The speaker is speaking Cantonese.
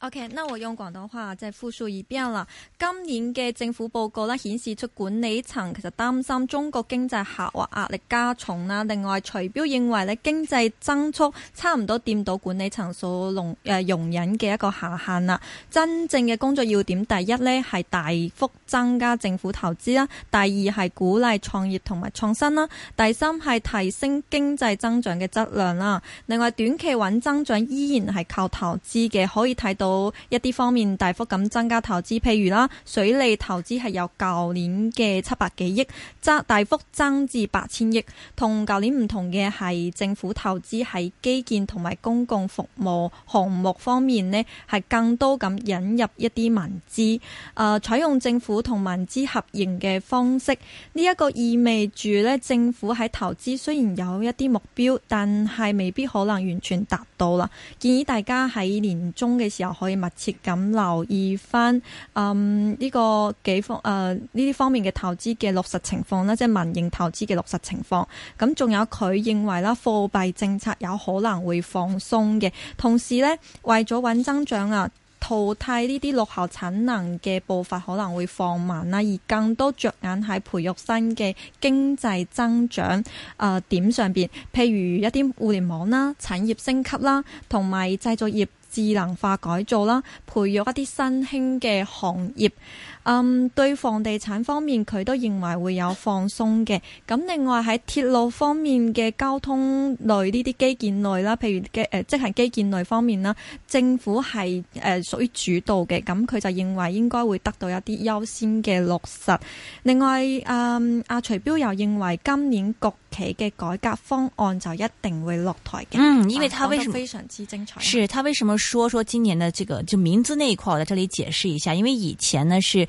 OK，那我用廣東話即係、就是、複述一遍啦。今年嘅政府報告啦，顯示出管理層其實擔心中國經濟下滑壓力加重啦。另外，徐彪認為咧，經濟增速差唔多掂到管理層所容誒、呃、容忍嘅一個下限啦。真正嘅工作要點，第一呢係大幅增加政府投資啦，第二係鼓勵創業同埋創新啦，第三係提升經濟增長嘅質量啦。另外，短期穩增長依然係靠投資嘅，可以睇到。一啲方面大幅咁增加投資，譬如啦，水利投資係由舊年嘅七百幾億則大幅增至八千億，同舊年唔同嘅係政府投資喺基建同埋公共服務項目方面咧，係更多咁引入一啲民資誒採用政府同民資合營嘅方式。呢一個意味住咧，政府喺投資雖然有一啲目標，但係未必可能完全達到啦。建議大家喺年終嘅時候，可以密切咁留意返，嗯呢、這個幾方誒呢啲方面嘅投資嘅落實情況啦，即係民營投資嘅落實情況。咁、嗯、仲有佢認為啦，貨幣政策有可能會放鬆嘅，同時呢，為咗穩增長啊，淘汰呢啲落後產能嘅步伐可能會放慢啦，而更多着眼喺培育新嘅經濟增長誒、呃、點上邊，譬如一啲互聯網啦、產業升級啦，同埋製造業。智能化改造啦，培育一啲新興嘅行業。嗯，um, 對房地產方面，佢都認為會有放鬆嘅。咁另外喺鐵路方面嘅交通類呢啲基建類啦，譬如嘅即係基建類方面啦，政府係誒屬於主導嘅，咁佢就認為應該會得到一啲優先嘅落實。另外，嗯、啊，阿徐彪又認為今年國企嘅改革方案就一定會落台嘅。嗯，因為他為什麼非常之精彩？是他為什麼說說今年的這個就民資那一塊，我在這裏解釋一下，因為以前呢是。